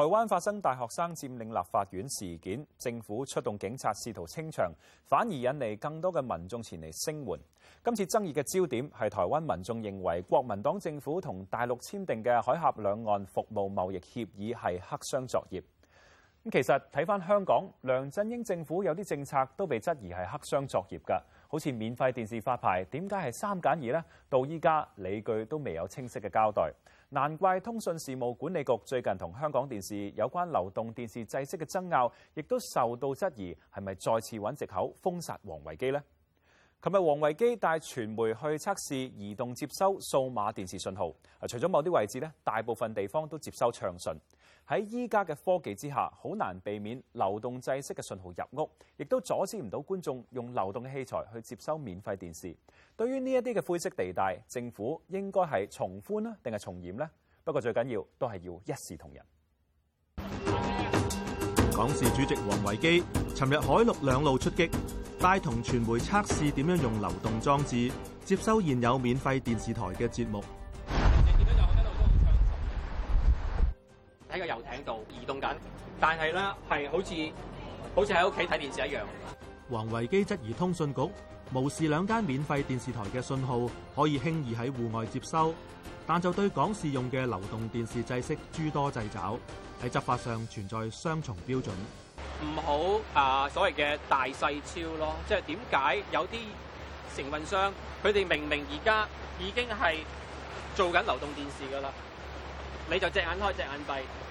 台灣發生大學生佔領立法院事件，政府出動警察試圖清場，反而引嚟更多嘅民眾前嚟聲援。今次爭議嘅焦點係台灣民眾認為國民黨政府同大陸簽訂嘅海峽兩岸服務貿易協議係黑箱作業。咁其實睇翻香港，梁振英政府有啲政策都被質疑係黑箱作業㗎。好似免費電視發牌點解係三揀二呢？到依家理據都未有清晰嘅交代，難怪通訊事務管理局最近同香港電視有關流動電視制式嘅爭拗，亦都受到質疑，係咪再次揾藉口封殺王維基呢？琴日王維基帶傳媒去測試移動接收數碼電視信號，除咗某啲位置呢，大部分地方都接收暢順。喺依家嘅科技之下，好難避免流動制式嘅信號入屋，亦都阻止唔到觀眾用流動器材去接收免費電視。對於呢一啲嘅灰色地帶，政府應該係從寬啊，定係從嚴呢？不過最緊要都係要一視同仁。港視主席王維基尋日海陸兩路出擊，帶同傳媒測試點樣用流動裝置接收現有免費電視台嘅節目。但係咧，係好似好似喺屋企睇電視一樣。黃維基質疑通訊局無視兩間免費電視台嘅信號可以輕易喺戶外接收，但就對港視用嘅流動電視制式諸多掣肘。喺執法上存在雙重標準。唔好啊！所謂嘅大細超咯，即係點解有啲承運商佢哋明明而家已經係做緊流動電視噶啦，你就隻眼開隻眼閉？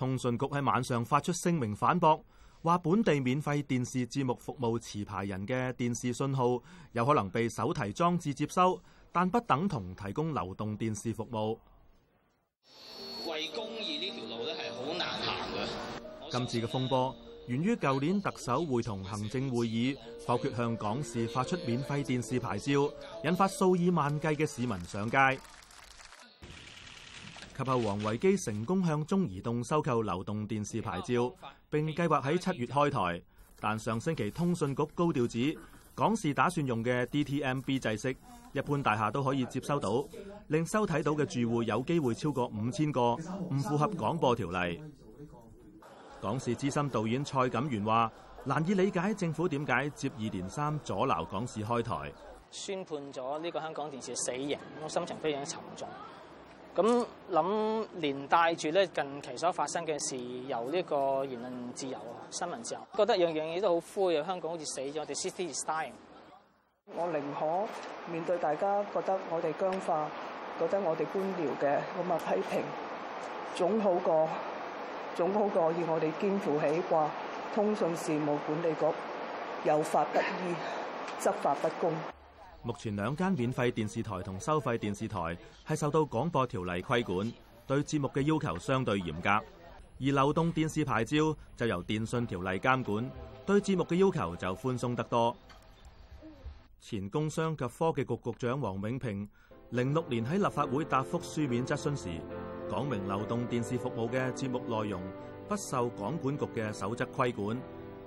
通訊局喺晚上發出聲明反駁，話本地免費電視節目服務持牌人嘅電視信號有可能被手提裝置接收，但不等同提供流動電視服務。為公義呢條路咧係好難行嘅。今次嘅風波源於舊年特首會同行政會議否決向港視發出免費電視牌照，引發數以萬計嘅市民上街。及後，王維基成功向中移動收購流動電視牌照，並計劃喺七月開台。但上星期通訊局高調指，港視打算用嘅 DTMB 制式，一般大廈都可以接收到，令收睇到嘅住戶有機會超過五千個，唔符合廣播條例。港視資深導演蔡錦元話：難以理解政府點解接二連三阻撓港視開台。宣判咗呢個香港電視死刑，我心情非常沉重。咁諗連帶住咧，近期所發生嘅事，由呢個言論自由、新聞自由，覺得樣樣嘢都好灰啊！香港好似死咗，我哋 city is dying。我寧可面對大家覺得我哋僵化、覺得我哋官僚嘅咁嘅批評，總好過總好過要我哋肩負起話通訊事務管理局有法不依、執法不公。目前兩間免費電視台同收費電視台係受到廣播條例規管，對節目嘅要求相對嚴格；而流動電視牌照就由電訊條例監管，對節目嘅要求就寬鬆得多。前工商及科技局局長王永平零六年喺立法會答覆書面質詢時，講明流動電視服務嘅節目內容不受廣管局嘅守則規管，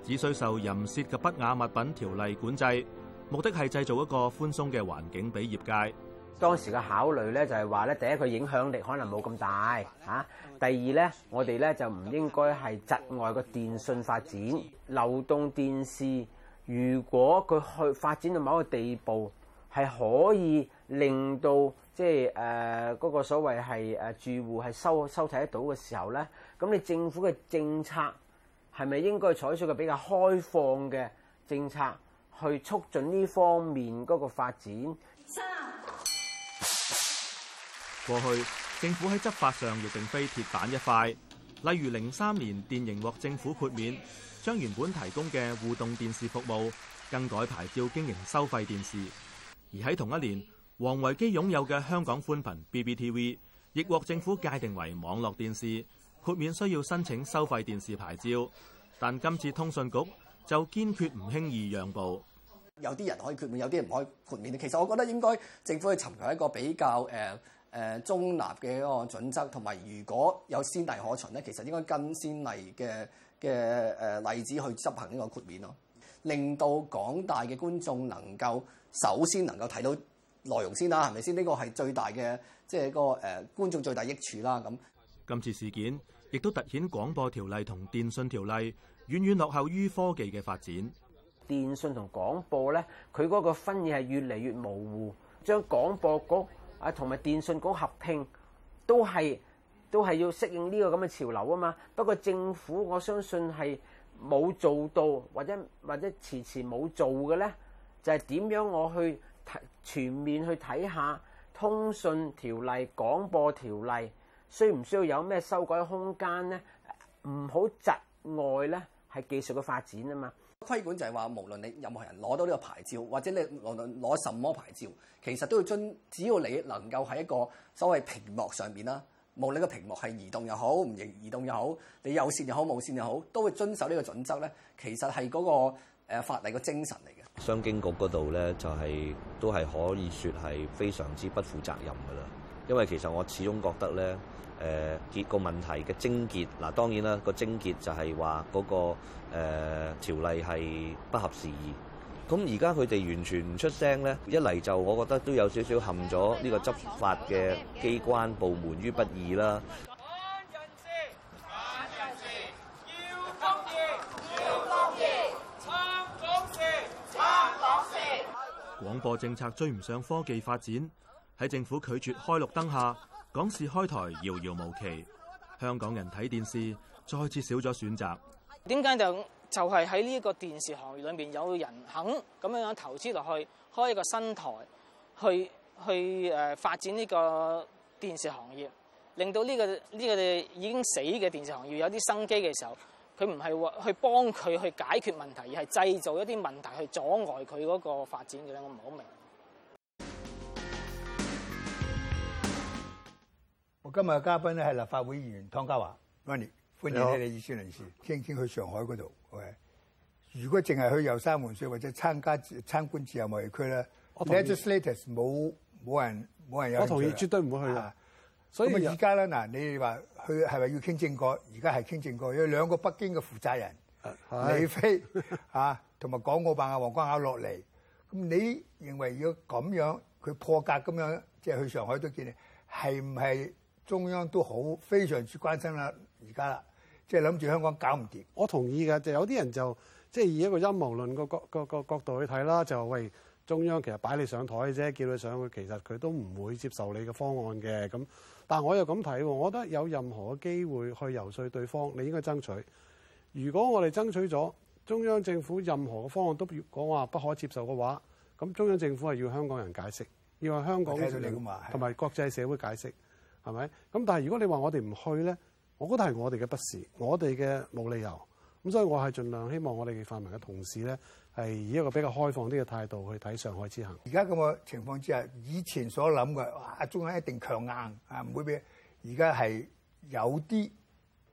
只需受淫褻及不雅物品條例管制。目的係製造一個寬鬆嘅環境俾業界。當時嘅考慮呢，就係話咧，第一佢影響力可能冇咁大吓，第二呢我哋呢，就唔應該係窒礙個電信發展。流動電視如果佢去發展到某一個地步，係可以令到即係誒嗰個所謂係誒住戶係收收睇得到嘅時候呢，咁你政府嘅政策係咪應該採取個比較開放嘅政策？去促進呢方面嗰個發展。過去政府喺執法上亦並非鐵板一塊，例如零三年電盈獲政府豁免，將原本提供嘅互動電視服務更改牌照經營收費電視；而喺同一年，王維基擁有嘅香港寬頻 BBTV 亦獲政府界定為網絡電視，豁免需要申請收費電視牌照。但今次通訊局就堅決唔輕易讓步。有啲人可以豁免，有啲人唔可以豁免。其實我覺得應該政府去尋求一個比較誒誒中立嘅一個準則，同埋如果有先例可循咧，其實應該跟先例嘅嘅誒例子去執行呢個豁免咯，令到廣大嘅觀眾能夠首先能夠睇到內容先啦，係咪先？呢個係最大嘅，即係個誒觀眾最大益處啦。咁今次事件亦都突顯廣播條例同電訊條例，遠遠落後於科技嘅發展，電信同廣播呢，佢嗰個分野係越嚟越模糊。將廣播局啊同埋電信局合併，都係都係要適應呢個咁嘅潮流啊嘛。不過政府我相信係冇做到，或者或者遲遲冇做嘅呢，就係點樣我去全面去睇下通訊條例、廣播條例，需唔需要有咩修改空間呢？唔好窒礙呢。係技術嘅發展啊嘛，規管就係話無論你任何人攞到呢個牌照，或者你無論攞什麼牌照，其實都要遵，只要你能夠喺一個所謂屏幕上面啦，無論個屏幕係移動又好，唔移移動又好，你有線又好，無線又好，都會遵守呢個準則咧。其實係嗰個法例嘅精神嚟嘅。商經局嗰度咧，就係都係可以説係非常之不負責任噶啦，因為其實我始終覺得咧。誒結個問題嘅症結，嗱當然啦，個症結就係話嗰個誒條例係不合時宜。咁而家佢哋完全唔出聲咧，一嚟就我覺得都有少少陷咗呢個執法嘅機關部門於不義啦。廣播政策追唔上科技發展，喺政府拒絕開綠燈下。港視開台遙遙無期，香港人睇電視再次少咗選擇。點解就就係喺呢一個電視行業裏面有人肯咁樣樣投資落去開一個新台去，去去誒、呃、發展呢個電視行業，令到呢、呢個呢、呢個已經死嘅電視行業有啲生機嘅時候，佢唔係話去幫佢去解決問題，而係製造一啲問題去阻礙佢嗰個發展嘅咧，我唔好明。我今日嘅嘉賓咧係立法會議員湯家驊，Ronny，歡迎你哋議事論事。傾傾去上海嗰度。喂、OK？如果淨係去遊山玩水或者參加參觀自由貿易區咧，我同意，無無人無人有興趣啊！我同意，人人我同意絕對唔會去啊！所以啊，而家咧嗱，你話去係咪要傾政改？而家係傾政改，有兩個北京嘅負責人，李飛啊，同埋港澳辦嘅王光亞落嚟。咁你認為要咁樣佢破格咁樣即係去上海都見，係唔係？中央都好非常之關心啦，而家啦，即係諗住香港搞唔掂。我同意嘅就有啲人就即係以一個陰謀論個角度去睇啦，就話喂，中央其實擺你上台嘅啫，叫你上去，其實佢都唔會接受你嘅方案嘅。咁，但係我又咁睇，我覺得有任何嘅機會去遊說對方，你應該爭取。如果我哋爭取咗中央政府任何嘅方案都講話不可接受嘅話，咁中央政府係要香港人解釋，要話香港同埋國際社會解釋。係咪咁？但係如果你話我哋唔去咧，我覺得係我哋嘅不是，我哋嘅冇理由咁，所以我係盡量希望我哋嘅泛民嘅同事咧係以一個比較開放啲嘅態度去睇上海之行。而家咁嘅情況之下，以前所諗嘅阿中央一定強硬啊，唔會俾，而家係有啲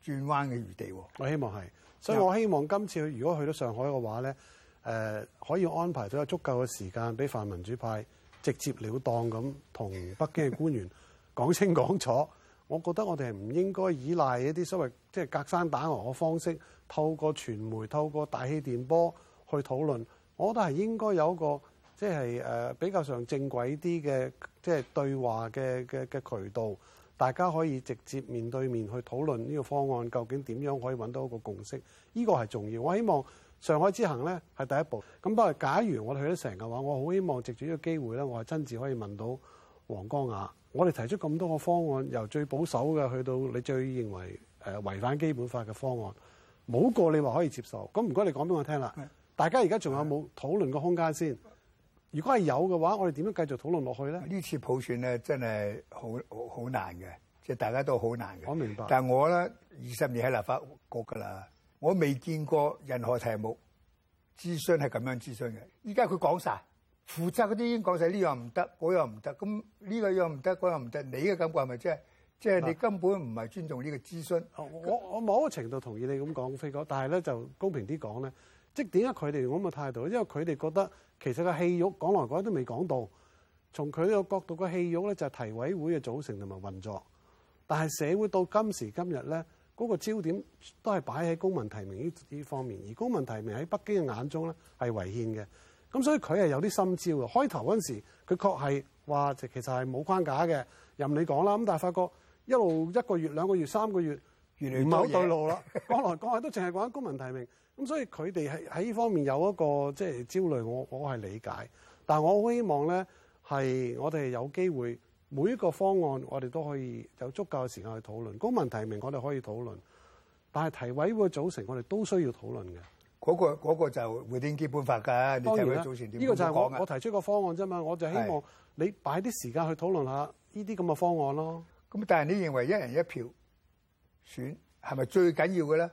轉彎嘅餘地。我希望係，所以我希望今次如果去到上海嘅話咧、呃，可以安排咗有足夠嘅時間俾泛民主派直接了當咁同北京嘅官員。 講清講楚，我覺得我哋係唔應該依賴一啲所謂即係隔山打牛嘅方式，透過傳媒、透過大氣電波去討論。我覺得係應該有一個即係誒、呃、比較上正軌啲嘅即係對話嘅嘅嘅渠道，大家可以直接面對面去討論呢個方案，究竟點樣可以揾到一個共識？呢、呢個係重要。我希望上海之行呢係第一步。咁不過，假如我哋去得成嘅話，我好希望藉住呢個機會呢，我係親自可以問到黃光亞。我哋提出咁多個方案，由最保守嘅去到你最認為誒違反基本法嘅方案，冇個你話可以接受。咁唔該，你講俾我聽啦。大家而家仲有冇討論嘅空間先？如果係有嘅話，我哋點樣繼續討論落去咧？呢次普選咧，真係好好難嘅，即係大家都好難嘅。我明白。但係我咧二十年喺立法局㗎啦，我未見過任何題目諮詢係咁樣諮詢嘅。依家佢講晒。負責嗰啲已經講晒呢樣唔得，嗰樣唔得，咁呢個樣唔得，嗰樣唔得。你嘅感覺係咪即係即係你根本唔係尊重呢個諮詢？啊、我我某個程度同意你咁講，飛哥。但係咧就公平啲講咧，即係點解佢哋咁嘅態度？因為佢哋覺得其實個戲肉講來講都未講到。從佢呢個角度嘅戲肉咧，就係提委會嘅組成同埋運作。但係社會到今時今日咧，嗰、那個焦點都係擺喺公民提名呢呢方面。而公民提名喺北京嘅眼中咧，係違憲嘅。咁所以佢係有啲心焦嘅，開頭嗰陣時佢確係話其實係冇框架嘅，任你講啦。咁但係發覺一路一個月兩個月三個月，原來唔係好對路啦。講 來講去都淨係講公民提名。咁所以佢哋係喺呢方面有一個即係、就是、焦慮，我我我係理解。但係我好希望咧，係我哋有機會每一個方案，我哋都可以有足夠嘅時間去討論。公民提名我哋可以討論，但係提委會組成我哋都需要討論嘅。嗰、嗰個嗰個就回天基本法㗎，你聽早呢、呢個就係我我提出個方案啫嘛，我就希望你擺啲時間去討論下呢啲咁嘅方案咯。咁但係你認為一人一票選係咪最緊要嘅咧？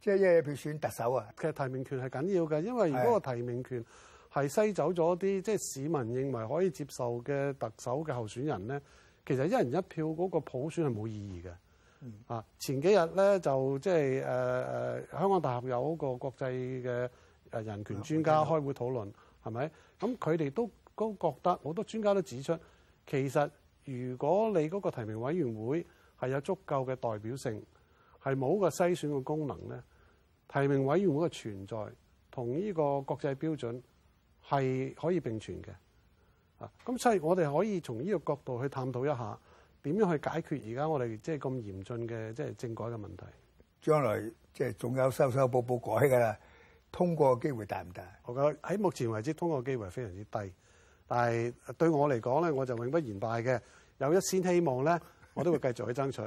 即、就、係、係、一人一票選特首啊？其實提名權係緊要嘅，因為如果個提名權係篩走咗啲即係市民認為可以接受嘅特首嘅候選人咧，其實一人一票嗰個普選係冇意義嘅。啊、嗯！前幾日咧就即係誒誒香港大學有個國際嘅誒人權專家開會討論，係、嗯、咪？咁佢哋都都覺得好多專家都指出，其實如果你嗰個提名委員會係有足夠嘅代表性，係冇個篩選嘅功能咧，提名委員會嘅存在同呢個國際標準係可以並存嘅。啊！咁所以我哋可以從呢個角度去探討一下。點樣去解決而家我哋即係咁嚴峻嘅即係政改嘅問題？將來即係仲有收收補補改嘅啦，通過嘅機會大唔大？我覺得喺目前為止通過嘅機會係非常之低，但係對我嚟講咧，我就永不言敗嘅，有一線希望咧，我都會繼續去爭取。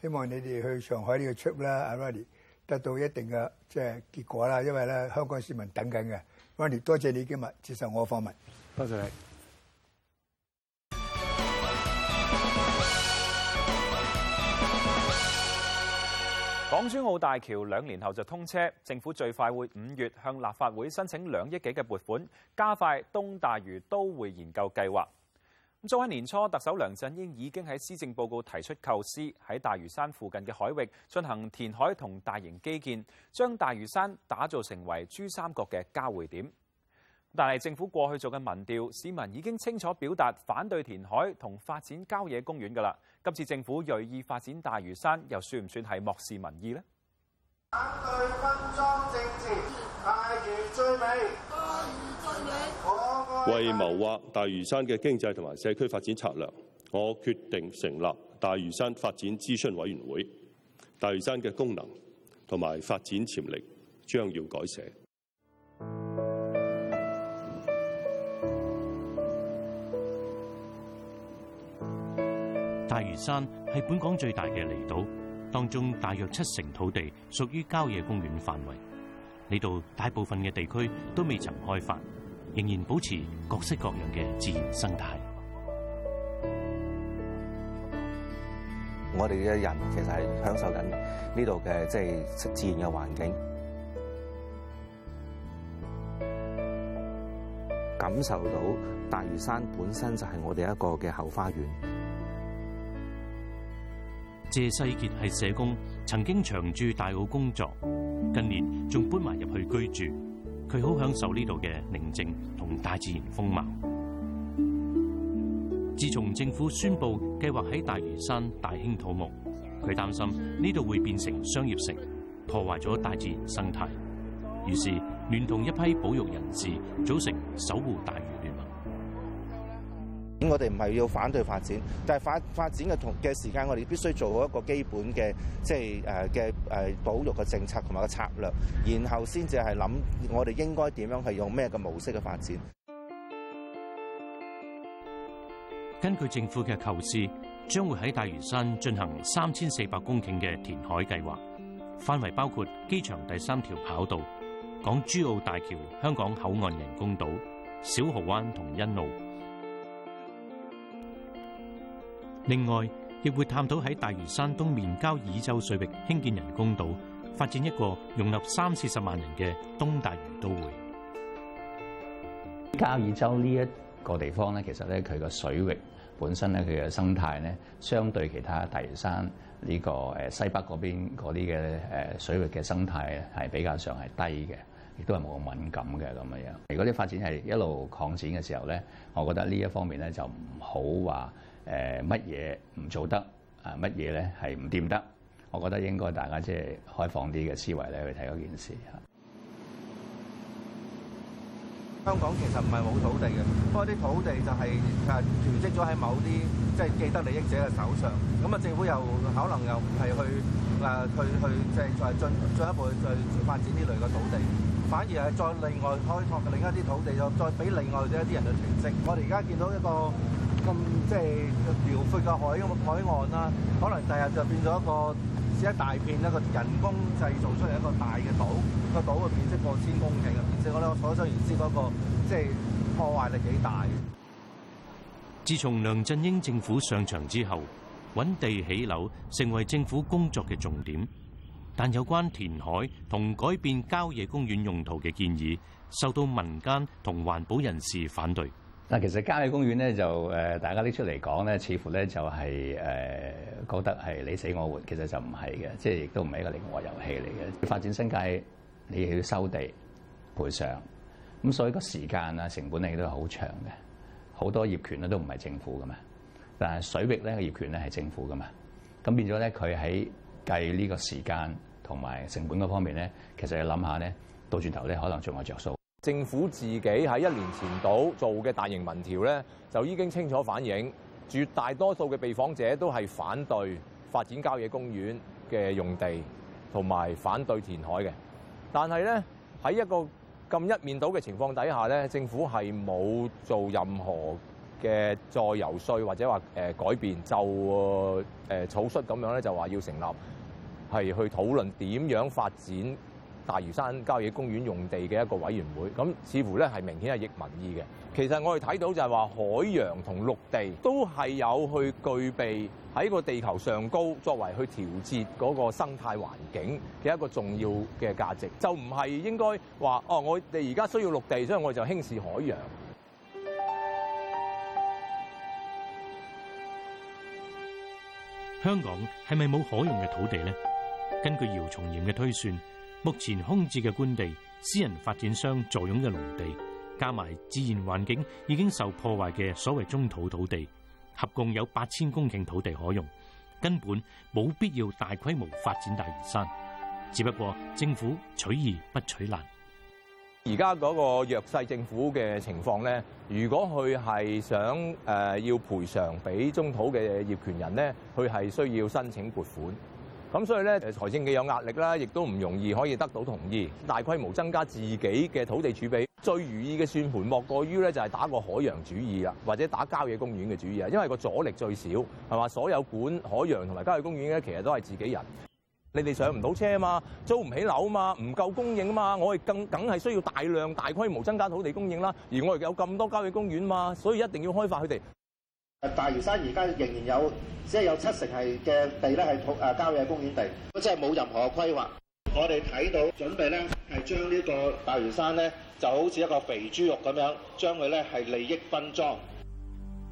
希望你哋去上海呢個 trip 咧，阿 Ronny 得到一定嘅即係結果啦，因為咧香港市民等緊嘅。Ronny 多謝你今日接受我嘅訪問，多謝你。港珠澳大橋兩年後就通車，政府最快會五月向立法會申請兩億幾嘅撥款，加快東大嶼都會研究計劃。咁早喺年初，特首梁振英已經喺施政報告提出構思，喺大嶼山附近嘅海域進行填海同大型基建，將大嶼山打造成為珠三角嘅交匯點。但係政府過去做嘅民調，市民已經清楚表達反對填海同發展郊野公園噶啦。今次政府銳意發展大嶼山，又算唔算係漠視民意呢？反對分贓政治，大嶼最美。大嶼最美。為謀劃大嶼山嘅經濟同埋社區發展策略，我決定成立大嶼山發展諮詢委員會。大嶼山嘅功能同埋發展潛力將要改寫。大嶼山係本港最大嘅離島，當中大約七成土地屬於郊野公園範圍。呢度大部分嘅地區都未曾開發，仍然保持各式各樣嘅自然生態。我哋嘅人其實係享受緊呢度嘅即係自然嘅環境，感受到大嶼山本身就係我哋一個嘅後花園。謝世傑係社工，曾經長住大澳工作，近年仲搬埋入去居住。佢好享受呢度嘅寧靜同大自然風貌。自從政府宣佈計劃喺大嶼山大興土木，佢擔心呢度會變成商業城，破壞咗大自然生態。於是聯同一批保育人士組成守護大嶼。咁我哋唔係要反對發展，但係發發展嘅同嘅時間，我哋必須做好一個基本嘅即係誒嘅誒保育嘅政策同埋個策略，然後先至係諗我哋應該點樣去用咩嘅模式嘅發展。根據政府嘅構思，將會喺大嶼山進行三千四百公頃嘅填海計劃，範圍包括機場第三條跑道、港珠澳大橋、香港口岸人工島、小蠔灣同欣澳。另外，亦會探討喺大嶼山東面交椅洲水域興建人工島，發展一個容納三四十萬人嘅東大嶼都會。交椅洲呢一個地方咧，其實咧佢個水域本身咧佢嘅生態咧，相對其他大嶼山呢個誒西北嗰邊嗰啲嘅誒水域嘅生態咧，係比較上係低嘅，亦都係冇咁敏感嘅咁嘅樣。如果啲發展係一路擴展嘅時候咧，我覺得呢一方面咧就唔好話。誒乜嘢唔做得啊？乜嘢咧係唔掂得？我覺得應該大家即係開放啲嘅思維咧去睇嗰件事嚇。香港其實唔係冇土地嘅，不過啲土地就係誒囤積咗喺某啲即係既得利益者嘅手上。咁啊，政府又可能又唔係去誒、啊、去去即係再進進一步去再發展呢類嘅土地，反而係再另外開拓另一啲土地，再俾另外嘅一啲人去囤積。我哋而家見到一個。咁即係遼闊嘅海海岸啦，可能第日就變咗一個，一大片的一個人工製造出嚟一個大嘅島，一個島嘅面積過千公頃啊！即我咧，我所想而知嗰、那個，即係破壞力幾大。自從梁振英政府上場之後，揾地起樓成為政府工作嘅重點，但有關填海同改變郊野公園用途嘅建議，受到民間同環保人士反對。但其實郊野公園咧就，誒，大家拎出嚟講咧，似乎咧就係、是、誒、呃、覺得係你死我活，其實就唔係嘅，即係亦都唔係一個零和遊戲嚟嘅。發展新界，你又要收地賠償，咁所以個時間啊、成本咧亦都係好長嘅。好多業權咧都唔係政府嘅嘛，但係水域咧個業權咧係政府嘅嘛，咁變咗咧佢喺計呢個時間同埋成本方面咧，其實你諗下咧，到轉頭咧可能仲有着數。政府自己喺一年前度做嘅大型民調咧，就已經清楚反映，絕大多數嘅被訪者都係反對發展郊野公園嘅用地，同埋反對填海嘅。但係咧喺一個咁一面倒嘅情況底下咧，政府係冇做任何嘅再游說或者話誒、呃、改變，就誒、呃、草率咁樣咧就話要成立，係去討論點樣發展。大嶼山郊野公園用地嘅一個委員會，咁似乎咧係明顯係逆民意嘅。其實我哋睇到就係話海洋同陸地都係有去具備喺個地球上高作為去調節嗰個生態環境嘅一個重要嘅價值，就唔係應該話哦，我哋而家需要陸地，所以我哋就輕視海洋。香港係咪冇可用嘅土地呢？根據姚松炎嘅推算。目前空置嘅官地、私人發展商坐擁嘅農地，加埋自然環境已經受破壞嘅所謂中土土地，合共有八千公頃土地可用，根本冇必要大規模發展大嶼山。只不過政府取易不取難。而家嗰個弱勢政府嘅情況咧，如果佢係想誒要賠償俾中土嘅業權人咧，佢係需要申請撥款。咁所以咧，財政嘅有壓力啦，亦都唔容易可以得到同意。大規模增加自己嘅土地儲備，最如意嘅算盤莫過於咧就係打個海洋主義啊，或者打郊野公園嘅主意啊。因為個阻力最少，係嘛？所有管海洋同埋郊野公園咧，其實都係自己人。你哋上唔到車啊嘛，租唔起樓啊嘛，唔夠供應啊嘛。我哋更梗係需要大量大規模增加土地供應啦。而我哋有咁多郊野公園嘛，所以一定要開發佢哋。大嶼山而家仍然有，只係有七成係嘅地咧，係普誒郊野公園地，即係冇任何規劃。我哋睇到準備咧，係將呢個大嶼山咧，就好似一個肥豬肉咁樣，將佢咧係利益分贓。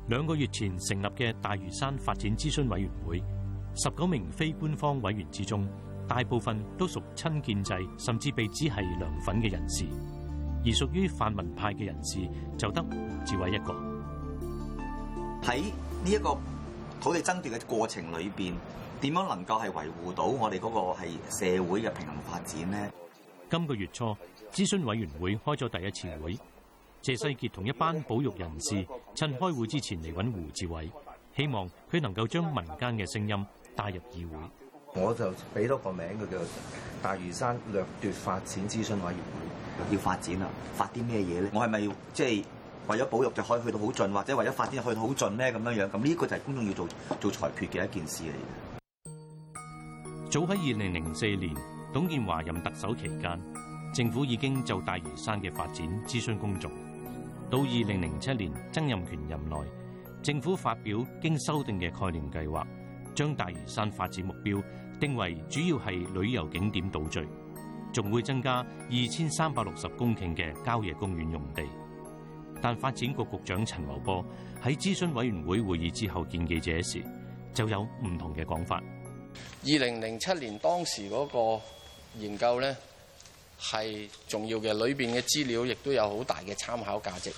兩個月前成立嘅大嶼山發展諮詢委員會，十九名非官方委員之中，大部分都屬親建制，甚至被指係梁粉嘅人士，而屬於泛民派嘅人士就得胡志偉一個。喺呢一個土地爭奪嘅過程裏邊，點樣能夠係維護到我哋嗰個係社會嘅平衡發展呢？今個月初，諮詢委員會開咗第一次會，謝世傑同一班保育人士趁開會之前嚟揾胡志偉，希望佢能夠將民間嘅聲音帶入議會。我就俾多個名，佢叫大嶼山掠奪發展諮詢委員會，要發展啦，發啲咩嘢咧？我係咪要即係？就是為咗保育就可以去到好盡，或者為咗發展去到好盡呢，咁樣樣？咁呢個就係公眾要做做裁決嘅一件事嚟嘅。早喺二零零四年，董建華任特首期間，政府已經就大嶼山嘅發展諮詢工作。到二零零七年，曾蔭權任內，政府發表經修訂嘅概念計劃，將大嶼山發展目標定為主要係旅遊景點導聚，仲會增加二千三百六十公頃嘅郊野公園用地。但發展局局長陳茂波喺諮詢委員會會議之後見記者時，就有唔同嘅講法。二零零七年當時嗰個研究呢，係重要嘅，裏邊嘅資料亦都有好大嘅參考價值。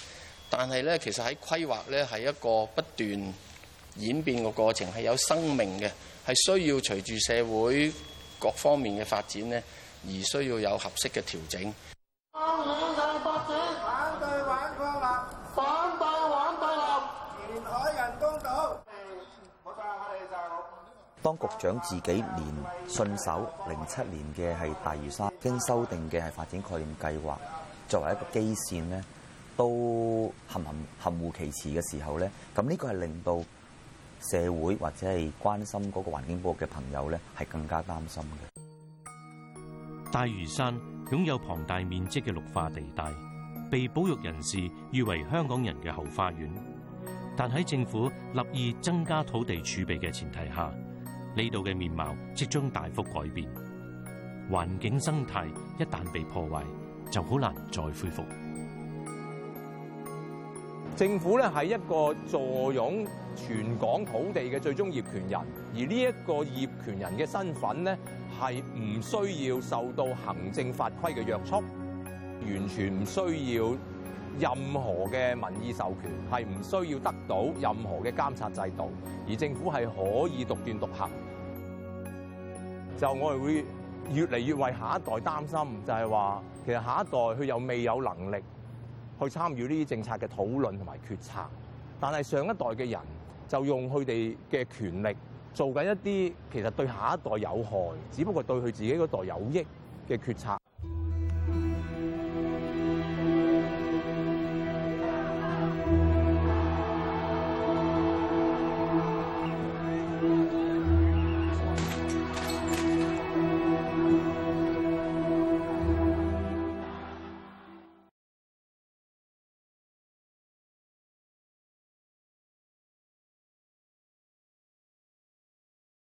但係呢，其實喺規劃呢，係一個不斷演變嘅過程，係有生命嘅，係需要隨住社會各方面嘅發展呢，而需要有合適嘅調整。當局長自己連順手零七年嘅係大嶼山經修訂嘅係發展概念計劃作為一個基線咧，都含含含糊其辭嘅時候咧，咁呢個係令到社會或者係關心嗰個環境保護嘅朋友咧係更加擔心嘅。大嶼山擁有龐大面積嘅綠化地帶，被保育人士譽為香港人嘅後花園。但喺政府立意增加土地儲備嘅前提下，呢度嘅面貌即將大幅改變，環境生態一旦被破壞，就好難再恢復。政府咧係一個坐擁全港土地嘅最終業權人，而呢一個業權人嘅身份呢係唔需要受到行政法規嘅約束，完全唔需要。任何嘅民意授權係唔需要得到任何嘅監察制度，而政府係可以獨斷獨行。就我哋會越嚟越為下一代擔心，就係話其實下一代佢又未有能力去參與呢啲政策嘅討論同埋決策，但係上一代嘅人就用佢哋嘅權力做緊一啲其實對下一代有害，只不過對佢自己嗰代有益嘅決策。